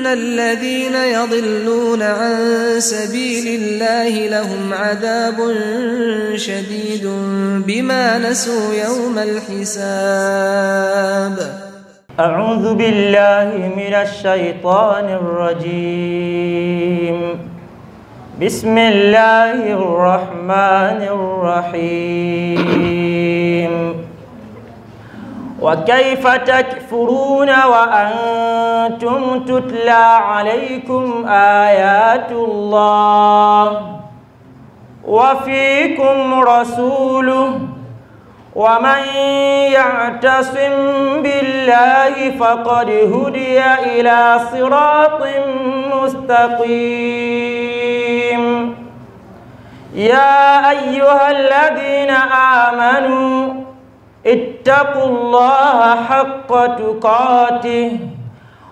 ان الذين يضلون عن سبيل الله لهم عذاب شديد بما نسوا يوم الحساب اعوذ بالله من الشيطان الرجيم بسم الله الرحمن الرحيم وكيف تكفرون وأنتم تتلى عليكم آيات الله وفيكم رسوله ومن يعتصم بالله فقد هدي إلى صراط مستقيم يا أيها الذين آمنوا اتقوا الله حق تقاته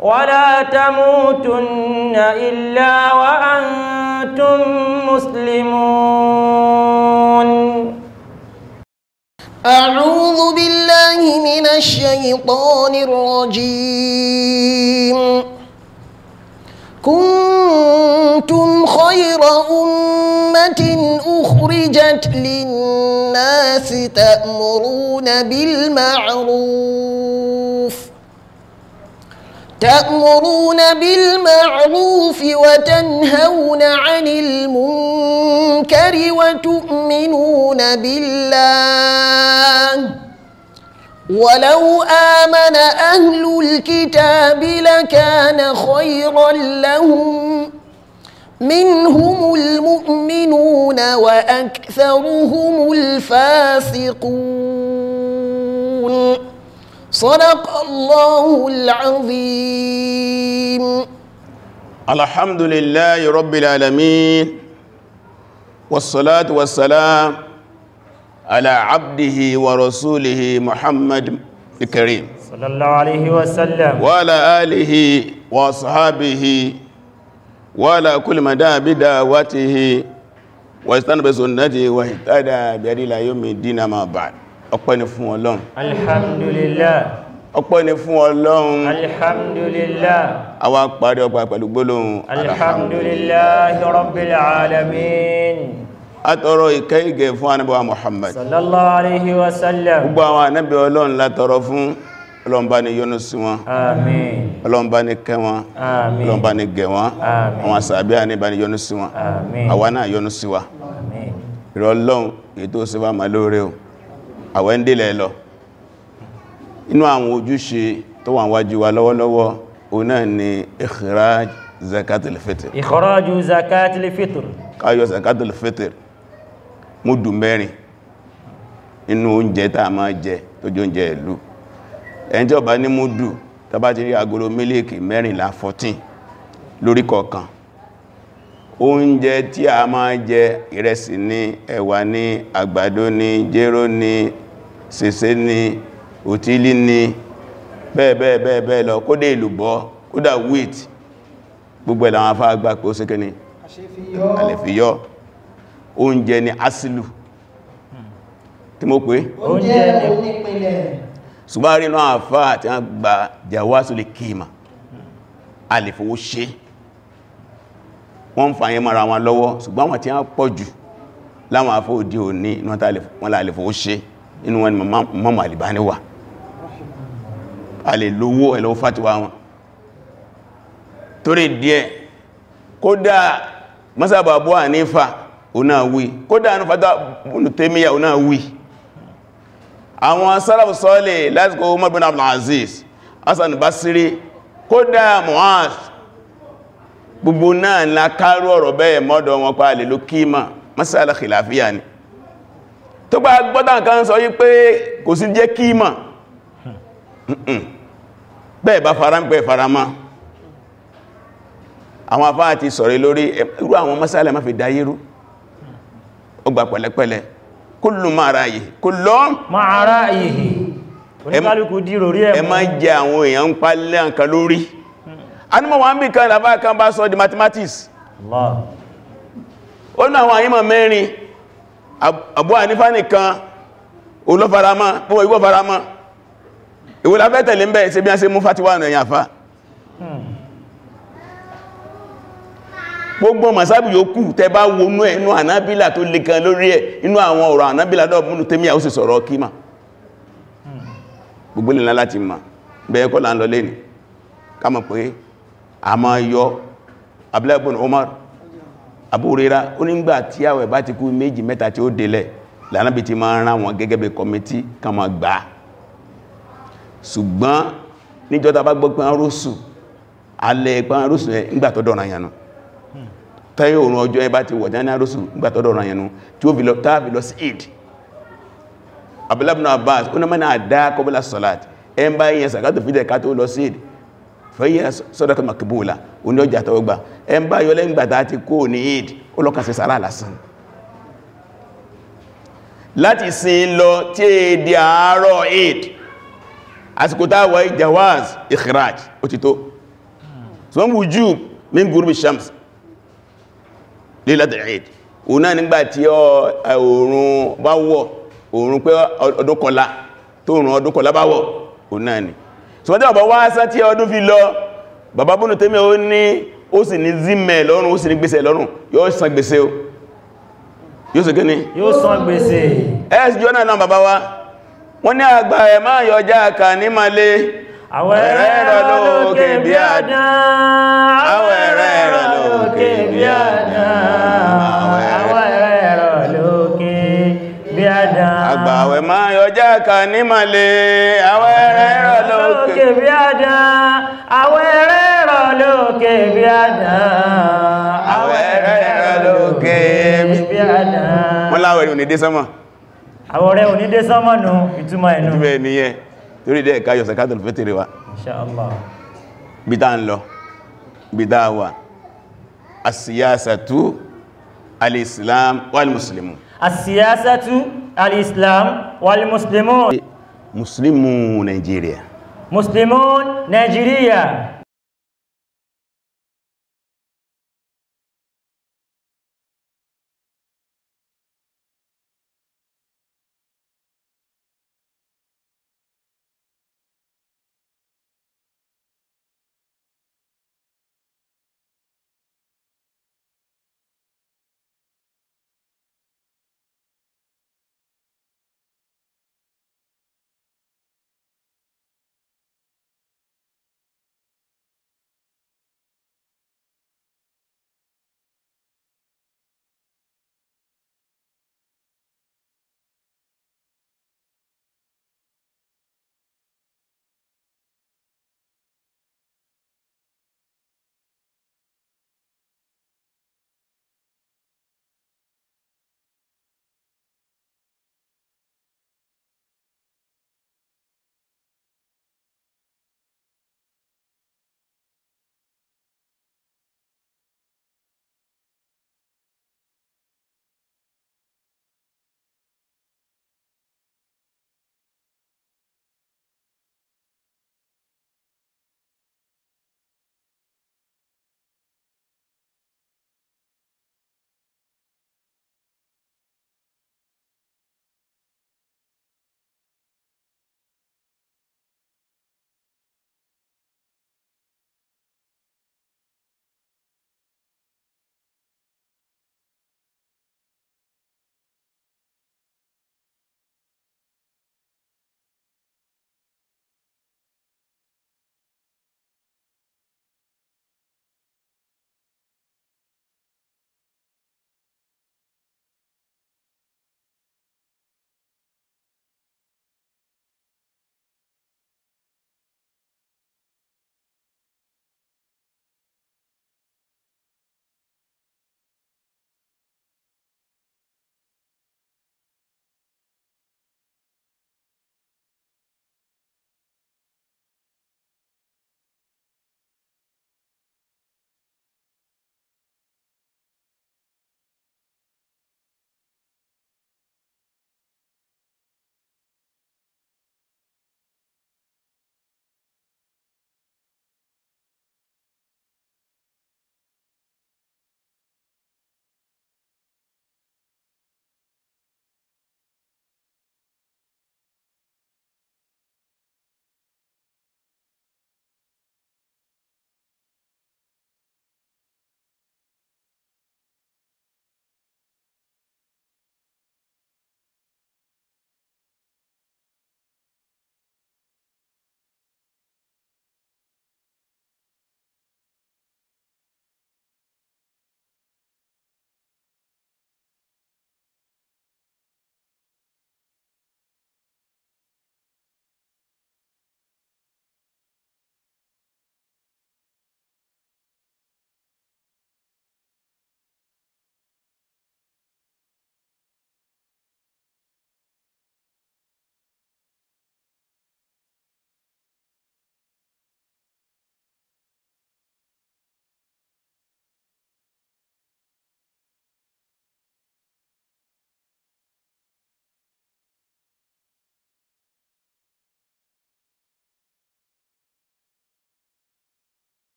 ولا تموتن إلا وأنتم مسلمون أعوذ بالله من الشيطان الرجيم كنتم خير أمة أخرجت لنا الناس تأمرون بالمعروف تأمرون بالمعروف وتنهون عن المنكر وتؤمنون بالله ولو آمن أهل الكتاب لكان خيرا لهم منهم المؤمنون واكثرهم الفاسقون صدق الله العظيم الحمد لله رب العالمين والصلاه والسلام على عبده ورسوله محمد الكريم صلى الله عليه وسلم وعلى اله واصحابه ولا كل مدى بدعوته واستنى بسنته واهتدى بهديه الى يوم الدين ما بعد ọpẹ́ ni fún Ọlọ́run alhamdulillah ọpẹ́ ni fún Ọlọ́run alhamdulillah àwa parí ọpẹ́ pẹ̀lú gbólóhùn alhamdulillahi rabbil alamin àtọrọ ìkẹ́ ìgẹ̀ fún ànábì wa Muhammad sallallahu alaihi wasallam gbogbo àwọn ọlọ́mbá ni yọ́nú sí wọn àmín ọlọ́mbá ni kẹ́ wọn àmín ọlọ́mbá ni gẹ̀ wọn àmín àwọn sàbí àníbà ni yọ́nú sí wọn àmín àwa náà yọ́nú sí wa àmín ìrọlọ́un ètò síwá ma lóore o àwẹ́ ń lọ inú àwọn ojúṣe tó wà wájú wa lọ́wọ́lọ́wọ́ ni ikhraj zakatul fitr ikhraj zakatul fitr ká yọ zakatul fitr múdù mẹ́rin inú oúnjẹ tá a máa jẹ tó jẹ́ oúnjẹ ìlú ẹni tí ó bá ní múdù tá bá ti rí agolo mílíkì mẹ́rìnlá 14 lórí kọ̀ọ̀kan oúnjẹ tí a máa jẹ ìrẹsì ní ẹ̀wà ní àgbàdo ní jéró ní sèsé ní òtílí ní bẹ́ẹ̀bẹ́ẹ̀bẹ́ẹ̀ lọ kódé ìlúbọ́ kódà wheat gbogbo ẹ̀lá àwọn afáàgbà pé ó sékẹ́ ni àlèfíyọ́ oúnjẹ ni asìlù hmm. tí mo pé oúnjẹ onípìnlẹ̀ ṣùgbọ́n rí náà àfá àti wọ́n gba jàwásù lè kíìmà a ṣe wọ́n ń fàyẹ mara wọn lọ́wọ́ ṣùgbọ́n wọ́n tí wọ́n pọ̀ jù láwọn àfá òdí òní wọ́n lè fowó ṣe inú wọn mọ́mù àlìbáni wà a lè lówó ẹ̀lọ́wọ́ fàtíwá àwọn sálàfù sọ́lẹ̀ láti kò Umar bin Abdul Aziz Hassan Basri kódà Muaz gbogbo náà ńlá kárú ọ̀rọ̀ bẹ́ẹ̀ mọ́dọ̀ wọn pa lè ló kíma masala khilafiyya ni tó bá gbọ́dá nǹkan sọ yí pé kò sí jẹ́ kíma bẹ́ẹ̀ bá fara ń pẹ́ farama àwọn afá àti sọ̀rọ̀ lórí irú àwọn masala má fi dáyérú ó gbà pẹ̀lẹ́pẹ̀lẹ́ kúlù máràyè kúlọ́ máràyè oníkálùkù dìrò rí ẹ̀mọ́ ẹ má jẹ àwọn èèyàn ń palẹ́ nǹkan lórí anímọ̀ wọ́n bí kan làbá kan bá sọ di mathematics ó ní àwọn àyímọ̀ mẹ́rin Abu Hanifa nìkan olófarama púpọ̀ ìwọ́farama ìwòlàfẹ́ tẹ̀lé ń gbogbo masáàbù yòókù tẹ bá wọnú ẹ̀ inú ànábílà tó lè kan lórí ẹ̀ inú àwọn ọ̀rọ̀ ànábílà dọ̀bùnú tẹ́mí àwọn gbogbo lè láti ma bẹ́ẹ̀ kọ́ láńlọ lẹ́ni kama pé a ma yọ abúlẹ́bùn Umar abúrera ó nígbà tí àwẹ̀ bá ti kú méjì mẹ́ta tí ó délẹ̀ lánàbí ti máa rán kama gbà ṣùgbọ́n bá rọ́sù rọ́sù ẹ̀ tẹ́yẹ òun ọjọ́ ẹbá ti wọ̀ jẹ́ rọ́sù gbàtọ́dọ̀ ọ̀rọ̀ yẹnu tí ó tààfi lọ sí ìdí abúlábùnà abbas ó náà dá kọbílá sọ́lát ẹn bá yẹn sàkátò fídẹ̀ ká tó lọ sí ìdí fẹ́yẹ sọ́dọ̀kọ̀ makibula oní ọjà tọgbà ẹn bá yọ lẹ́gbàtà ti kó ní ìdí ó lọ́kàn sí sàrá lásán láti sin lọ tí è di àárọ̀ ìdí àsìkò táwà ìjàwáz ìkìráj ó ti tó sọ́mbù jù min gurubi shams Laylatul Eid òun náà nígbà tí oòrùn bá wọ̀ oòrùn pé ọdún kọlá tó oòrùn ọdún kọlá bá wọ̀ òun náà ni ṣùgbọ́n ọ̀bọ̀ wá sá tí ọdún fi lọ bàbá bónú tẹ́mẹ́ ó ní ó sì ní zímẹ̀ lọ́rùn ó sì ní gbèsè lọ́rùn yóò san gbèsè o yóò sì gíní yóò san gbèsè wa wọ́n ní àgbà ẹ̀ Àwọn ẹ̀rẹ́ rọ lókè bí àdán. Àwọn ẹ̀rẹ́ rọ lókè bí àdán. Àwọn ẹ̀rẹ́ rọ lókè bí àdán. Àgbà àwẹ̀ máa yọjá kan ní màlẹ̀. Àwọn ẹ̀rẹ́ rọ bí àdán. Àwọn ẹ̀rẹ́ rọ bí àdán. Àwọn ẹ̀rẹ́ rọ bí àdán. Wọ́n láwẹ̀ òní dé sánmà. Àwọn òní dé sánmà nù ìtumọ̀ ẹ̀nu. Ìtumọ̀ torí dẹ́ ká yọ zakatul fitri wa insha Allah bídá ń lọ bídá wà asíyásàtú alìsìlám wàlmùsùlùmù asíyásàtú alìsìlám wàlmùsùlùmù muslimu Nigeria muslimun Nigeria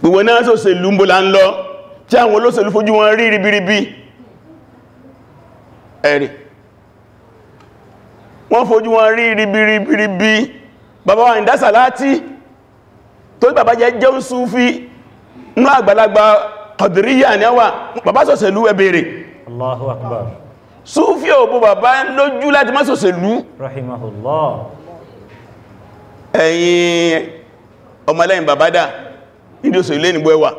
gbogbo náà sòṣèlú ń bó la ń lọ tí àwọn olóṣèlú fojú wọn rí ribiribi ẹ̀rì wọ́n fojú wọn rí ribiribiribi bàbá wa ìdásà láti tó bàbá jẹ́ jẹ́ Súfí ní àgbàlagbà Qadiriyya ní àwà bàbá sòṣèlú ẹbẹ̀rẹ̀ Allahu Akbar Súfí òbò bàbá lójú láti má sòṣèlú rahimahullah ẹ̀yin ọmọlẹ́yìn bàbá dáa nídí òṣèlú lè nìgbọ́ ẹwà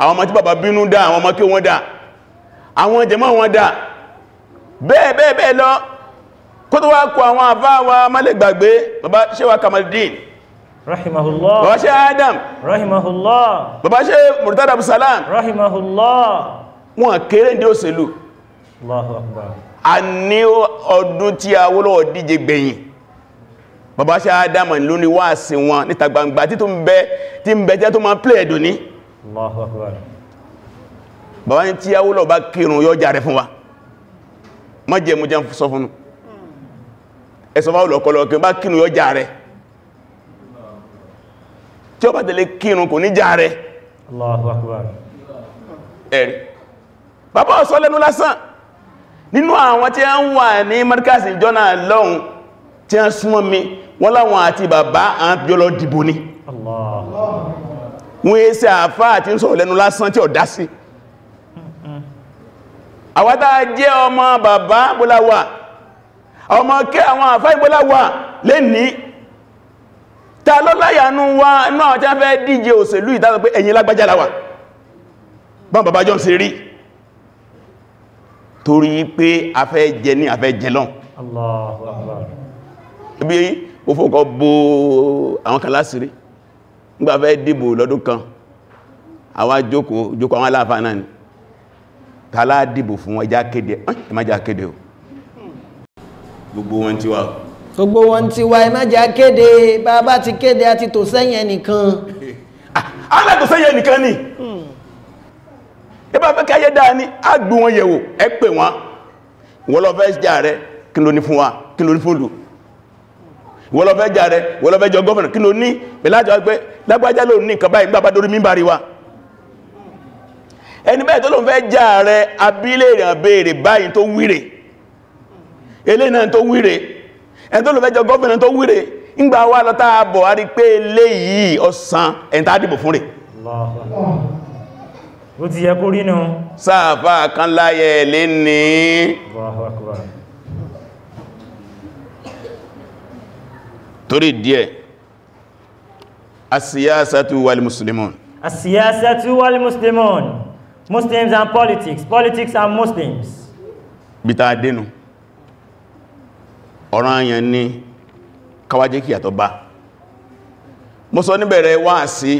àwọn ọmọ tí bàbá bínú dá àwọn ọmọ kí wọ́n dá àwọn jẹmọ́ wọn dá bẹ́ẹ̀ bẹ́ẹ̀ bẹ́ẹ̀ lọ kó tó wá kọ àwọn àbá wa málẹ̀gbàgbé bàbá ṣẹ́wà Kamaldeen rahimahullah bàbá ṣẹ́ Adam rahimahullah bàbá ṣẹ́ Murtada Abdulsalam rahimahullah wọn kéré ní bàbá ṣe àdámà ló ní wá sí wọn níta gbangba tí tó ń bẹ tí ń bẹ jẹ́ tó máa plẹ̀ ẹ̀dùn ní bàbá ní tí yáwó lọ bá kírun yọ jà rẹ fún wa má jẹ mú jẹ́ sọ fún ẹ̀sọ́ bá lọ́kọlọ kí bá kírun yọ jà rẹ tí a súnmọ́ mi wọ́n láwọn àti bàbá àwọn bíọ́lọ́ dìbò ní wọ́n yé sí àfá àti ń sọ̀rọ̀ lẹ́nu lásán tí ó dá sí àwátá jẹ́ ọmọ bàbá bóláwà ọmọ kẹ́ àwọn àfá ìbóláwà lè ní ta ló láyànú wa náà tí a fẹ́ díje òṣèlú ìdájọ́ pé ẹ̀yin lágbájá láwà bọ́n bàbá jọ sí rí torí pé a fẹ́ jẹ ní a fẹ́ jẹ lọ́n Allah Allah ibi mo fọ́kọ́ bó àwọn kan lásìrí nígbà fẹ́ dìbò lọ́dún kan àwọn jókòó jókòó àwọn aláàfà náà ni tààlá dìbò fún ẹjá kéde ẹmájá kéde o gbogbo wọn ti wá gbogbo wọn ti wá ẹmájá kéde bàbá ti kéde àti tò sẹ́yìn ẹnìkan ààlá ah, tò sẹ́yìn ẹnìkan ni ẹbá fẹ́ káyé dáa ní àgbò wọn yẹ̀wò ẹ pè wọn wọ́n lọ fẹ́ jà rẹ kí ló ní fún wa kí ló ní fún lù wọ́n lọ fẹ́ jà rẹ̀ wọ́n lọ fẹ́ jọ gọ́ọ̀nà kí ló ní pẹ̀lájọ́ pé lágbájá ló ní kàbáyé gbábá dórí mímbàrí wa ẹni bẹ́ẹ̀ tó ló fẹ́ jà rẹ̀ abílẹ̀ rẹ̀ àbẹ̀rẹ̀ báyìí tó wíre elé náà tó wíre ẹni tó ló fẹ́ jọ gọ́ọ̀nà torí díẹ̀ asíyásátú wal muslimun asíyásátú wal muslimun muslims and politics politics and muslims bita adínú ọ̀rọ̀ àyàn ní kawajé kí àtọ́ bá mo sọ níbẹ̀rẹ̀ wá sí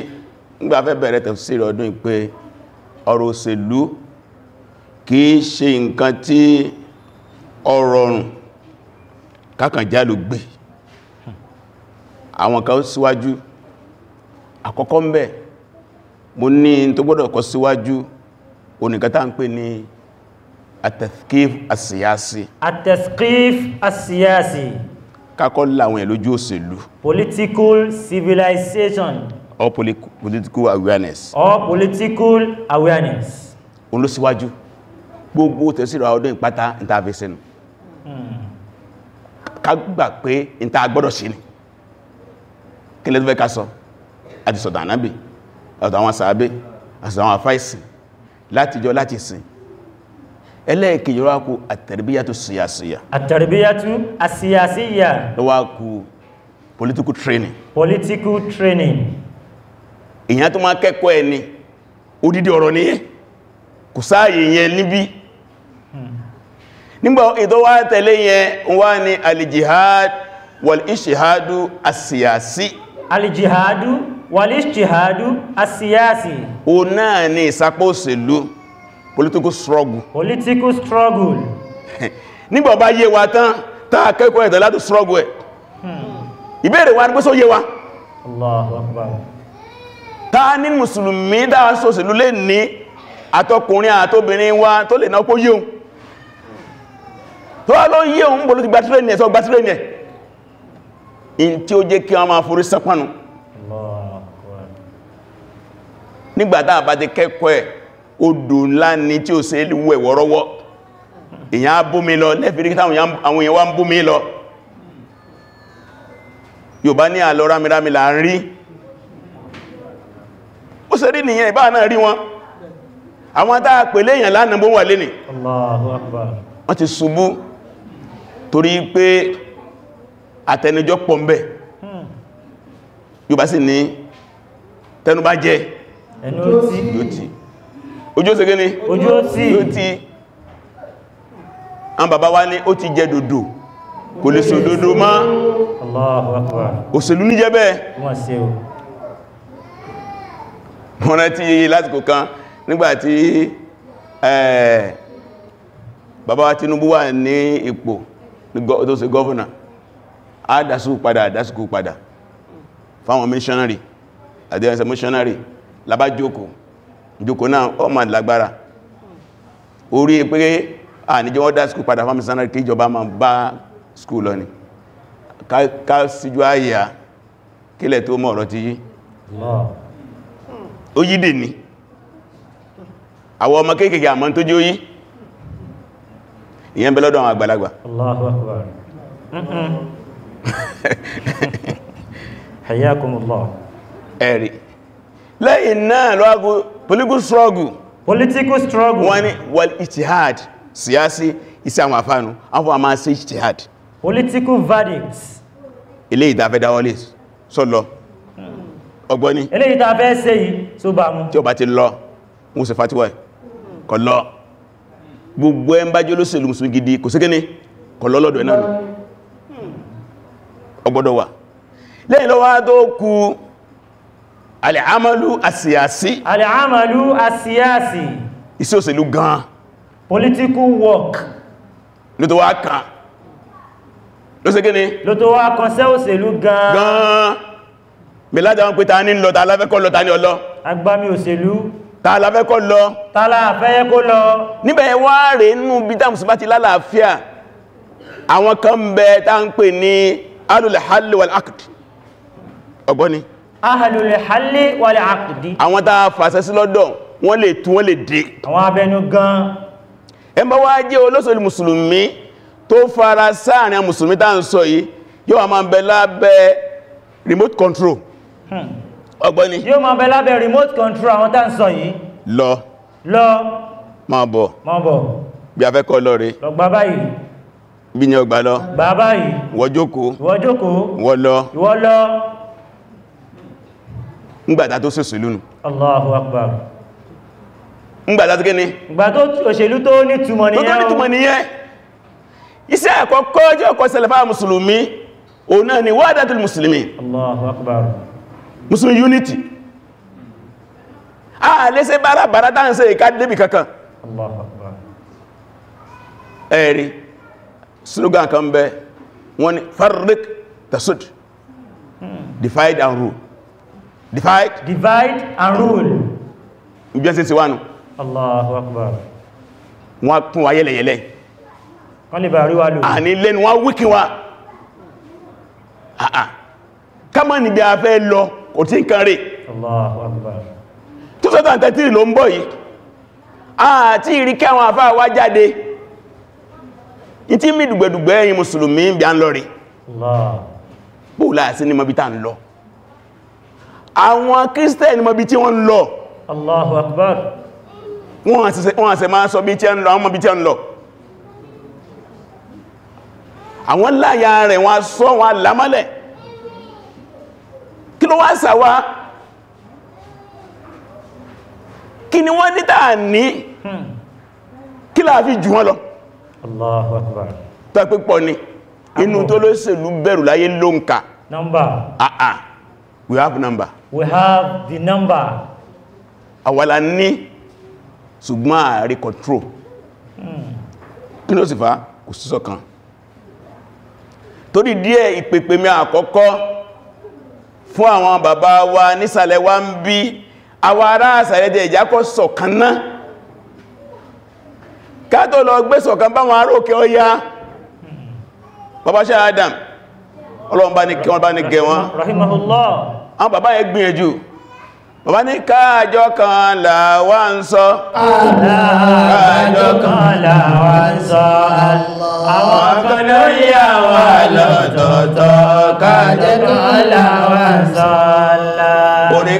nígbàfẹ́ bẹ̀rẹ̀ tẹ̀síri ọdún ìpé ọ̀rọ̀ òṣèlú kìí ṣe nǹkan tí ọ̀rọ̀rùn kákànjálù gbé àwọn kan síwájú àkọ́kọ́ ń bẹ̀ mo ní tó gbọ́dọ̀ kọ síwájú oníkàtà ń pè ní atẹ́skif asíyásí atẹ́skif asíyásí kakọ́ láwọn ẹ̀ lójú òṣèlú political civilization or political awareness or political awareness olóṣíwájú gbogbo tẹ̀síra ọdún ìpátá intervention hmm. ká gbà pé ìta kí lè tó fẹ́ ká sọ àti sọ̀dọ̀ ànábì àti àwọn sàábé àti àwọn àfáìsì láti jọ láti sìn ẹlẹ́ẹ̀kejì wá kú síyàsíyà àtẹ̀rẹ̀bíyàtú àsíyàsíyà ló wá political training political training èyàn tó máa kẹ́kọ́ ẹni odidi ọ̀rọ̀ níyẹn kò sáàyè yẹn níbí hmm. nígbà ètò wá tẹ̀lé yẹn wá ní al-jihad wal àsíyàsí alijihadu walistihadu asiyasi o náà ni ìsapò òṣèlú political struggle political struggle nígbà bá yé wa tán tán akẹ́kọ̀ọ́ ẹ̀dọ̀ láti struggle ẹ̀ hmm. ìbéèrè wa ní pé só yé ta ní mùsùlùmí dáwà sóṣèlú lè ní àtọkùnrin àtobìnrin wa tó lè náà kó yíò tó wá ló yíò ń bọ̀ ló ti gbátírẹ̀ ní ẹ̀ gbátírẹ̀ ní ẹ̀ in tí ó jẹ́ kí wọ́n máa forí sápánu nígbàtá àbájẹ́ kẹ́kọ́ ẹ̀ odò ńlá ni tí ó se wẹ̀ wọ́rọ́wọ́ èyàn á bómi lọ lẹ́fìrí táwọn èèyàn wá ń bómi lọ yóò bá ní àlọ́ rámirámi là ń rí ó ṣe rí nìyẹn ìbá náà rí wọn àwọn táà pè léyàn lánàbó wà lé ní Allahu wọ́n ti ṣubú torí pé àtẹnijọ́ pọ̀ ń bẹ̀ yóò bá sì ní tẹnu bá jẹ ẹnu ó tì ojú ó segé ní ojú ó tì àwọn bàbá wa ní ó ti jẹ dòdò kò lè sọ dòdò má òṣèlú ní jẹ́bẹ̀ wọ́n rántí lásìkò kan nígbàtí bàbá wa Tinubu wà ní ipò tó ṣe gọ́vùnà a dásíkò padà dásíkò padà fáwọn missionary àdíyànsẹ̀ missionary labá jókòó jókòó náà ó ma lágbára orí pé à níjọ wọ́n dásíkò padà fáwọn missionary kí ìjọba ma bá skúl lọ ni ká síjú àyà kílẹ̀ tó mọ̀ ọ̀rọ̀ ti yí hmm. ó yídè ní àwọn ọmọ kéèkèé àmọ́ tó jí ó yí ìyẹn bẹ́lọ́dọ̀ àwọn àgbàlagbà Allahu Akbar hmm, hmm. hayyakumullah ẹ̀rí lẹ́yìn náà lọ́gbù political struggle political struggle wọ́n ni wal ijtihad síyásí iṣẹ́ àwọn àfáànù àwọn àmà sí ijtihad political verdict ilé ìdáfẹ́ dáwọlé sọ́lọ ọgbọ́ni ilé ìdáfẹ́ ṣe yìí tó bá mú tí ó bá ti lọ mú sí fatiwa kọ̀ lọ gbogbo ẹ ń bá jẹ́ olóṣèlú mùsùlùmí gidi kò sí kíní kọ̀ lọ́lọ́dọ̀ ẹ̀ náà ọgbọ́dọ̀ wà lẹ́yìn lọ́wọ́ tó kú alìhámàlú àsíyàsí alìhámàlú àsíyàsí iṣẹ́ òṣèlú gan political work ló tó wá kan ló ṣe gíní ló tó wá kan sẹ́ òṣèlú gan gan mẹ́lájá wọn pé ta ní lọ́ta aláfẹ́kọ́ lọ́ta ní ọlọ́ agbámi òṣèlú ta aláfẹ́kọ́ lọ ta láàfẹ́yẹ́ kó lọ níbẹ̀ wá ahlul halli wal aqd ọgbọ́ni ahlul halli wal aqd àwọn tàà fàṣẹ sí lọ́dọ̀ wọ́n lè tú wọ́n lè dé àwọn abẹnu gan ẹ bá wá jẹ́ olóṣèlú mùsùlùmí tó fara sáàrin mùsùlùmí tàà ń sọ yìí yóò wà máa bẹ lábẹ́ remote control hmm. ọgbọ́ni yóò máa bẹ lábẹ́ remote control àwọn tàà ń sọ yìí lọ lọ máa bọ̀ bí a fẹ́ kọ́ lọ rí lọ gbà báyìí bí ní ọgbà lọ bàbá yìí wọ́jókó wọ́jókó wọ́lọ wọ́lọ ngbàtà tó sèsè lónù Allahu Akbar ngbàtà tó kíni ngbàtà òṣèlú tó ní túmọ̀ nìyẹn tó ní túmọ̀ nìyẹn iṣẹ́ àkọ́kọ́ jẹ́ ọkọ̀ unity a lè ṣe bárabàrá dáhùn sí ìkádébì kankan Allahu Akbar ẹ̀rí slogan kan be, wọ́n ni farrik tasud divide and rule divide divide and rule ìjọ́ sí sí wánu Allahu Akbar wọ́n kún wa yẹ́lẹ̀yẹ́lẹ́ wọ́n lè bàrí wa lò àní lẹ́nu wọ́n wíkí wa àà kama níbi a fẹ́ lọ kò tí kan rẹ̀ Allahu Akbar 2013 ló ń bọ̀ yìí àti ìrí kẹwọn àfáà wá jáde ìtí mi dùgbẹ̀dùgbẹ̀ ẹ̀yin mùsùlùmí bí a ń lọ rí bóòlá sí ni mọ́bí tá ń lọ àwọn kírísítẹ̀ ni mọ́bí tí wọ́n lọ Akbar wọ́n àṣẹ máa sọ bí tí a ń lọ àwọn tí a ń lọ àwọn láyà rẹ̀ wọ́n sọ wọ́n lámálẹ̀ kí ló wá sàwá kí ni wọ́n ní tàà ní hmm. kí láàá jù wọ́n lọ Allahu Akbar tàbí pọ̀ ni inú tó ló ṣèlú bẹ̀rù láyé ló ń ka number ah ah we have number we have the number àwàlá ní ṣùgbọ́n ààrí control hmm. kí ló sì fa kò sísọ kan torí díẹ̀ ìpèpè mi àkọ́kọ́ fún àwọn bàbá wa nísàlẹ̀ wa ń bí àwọn ará àsàlẹ̀ jẹ́ ìjákọ́ sọ̀kan náà kátó lọ gbésọ̀ kan báwọn aróòkè ọya babaṣẹ́ adam ọlọ́run bá ní kí wọ́n bá ní gẹ wọn rahimahullah àwọn bàbá yẹn gbìyànjú bàbá ní káàjọ kan làwà ń sọ káàjọ kan làwà ń sọ àwọn kan lórí àwà lọ́tọ̀ọ̀tọ̀ káàjọ kan làwà ń sọ orí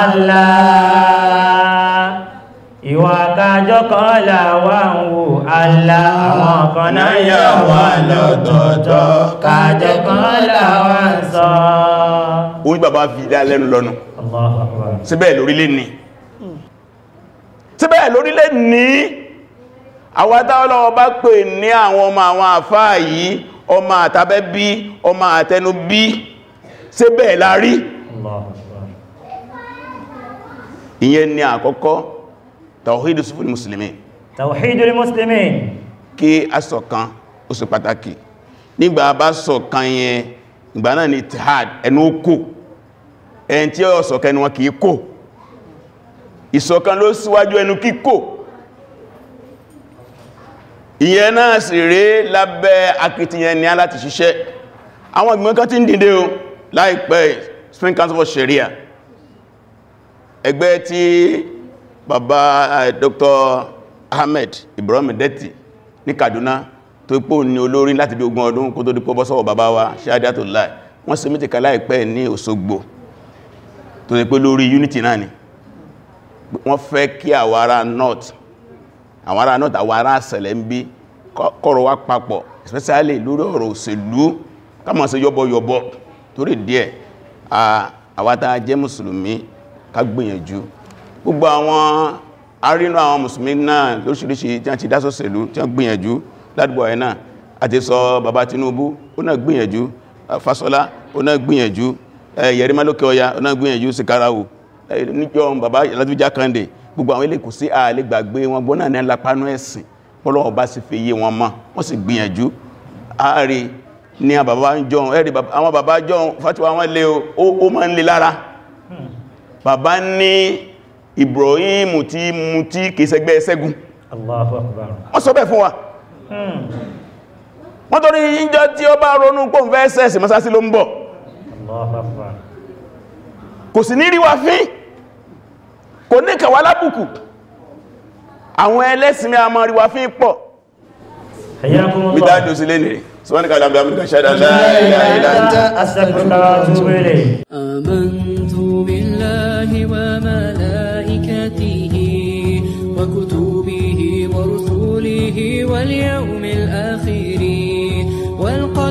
Allah ìwà àtàjọ́ kan làwà ń wò àlà àwọn kan náà yà wà lọ́tọ̀ọ̀tọ̀ kàjọ́ kan làwà ń sọ orí bàbá fi dá lẹ́nu lọ́nu síbẹ̀ lórílẹ̀ ní síbẹ̀ lórílẹ̀ ní àwátá ọlọ́wọ́ bá pè ní àwọn ọmọ àwọn àfáà yìí ọmọ àtàbẹ́ bí ọmọ àtẹnu bí síbẹ̀ lárí ìyẹn ni àkọ́kọ́ tàwàhídù sufil musulmi tàwàhídù musulmi kí a ṣọ̀kan ó ṣe pàtàkì nígbà bá ṣọ̀kan yẹn ìgbà náà ni tihad ẹnu ó kò ẹn tí ó ṣọ̀kan ẹnu wọn kìí kò ìṣọ̀kan ló síwájú ẹnu kíkò ìyẹn náà sì rí lábẹ́ akitiyan ní aláti ṣiṣẹ́ àwọn ìgbìmọ̀ kan ti ń dìde o láìpẹ́ Supreme Council for Sharia ẹgbẹ́ tí bàbá eh, Dr. Ahmed Ibrahim Detti ní Kaduna tó pò ní olórí láti bí ogún ọdún kó tó dípò bọ́sọ̀wọ̀ bàbá wa Shahadatul-Lahi wọ́n ṣe mítìkà láìpẹ́ ní Òṣogbo tó ní pé lórí unity náà ni wọ́n fẹ́ kí àwọn ará north àwọn ará north àwọn ará sẹ̀lẹ̀ ń bí kọ́rọ̀ wá papọ̀ especially lórí ọ̀rọ̀ òṣèlú káàmà ṣe yọ́bọ̀yọ́bọ̀ torí díẹ̀ àwátá jẹ́ mùsùlùmí ká gbìyànjú gbogbo àwọn arínú àwọn mùsùlùmí náà lóṣìíríṣìí tí wọ́n ti dá sọ́sẹ̀lú tí wọ́n gbìyànjú ládùgbò ẹ̀ náà àti sọ bàbá Tinubu ó náà gbìyànjú Fasola ó náà gbìyànjú Yerima Lókèọya ó náà gbìyànjú Sikarawu níjọ bàbá Ládùjá Kande gbogbo àwọn ilé kò sí ààlé gbàgbé wọn gbọ́n náà ní lápánú ẹ̀sìn pọ́lọ́wọ́ bá sì fi yé wọn mọ́ wọ́n sì gbìyànjú ààrẹ ní àbàbá jọ ẹ̀rì àwọn bàbá jọ fàtíwà lára bàbá ní Ibrahim tí mú tí kìí sẹgbẹ́ Allahu Akbar wọ́n sọ bẹ́ẹ̀ fún wa hmm. wọ́n tó ní ìjọ tí ó bá ronú pọ̀n fẹ́ sẹ́sì ló ń bọ̀ Allahu Akbar kò sì ní ríwá fín kò ní kàwà lábùkù àwọn ẹlẹ́sìn a máa ríwá fín pọ̀ bídájú sí lé nìrí سبحانك اللهم وبحمدك اشهد ان لا اله الا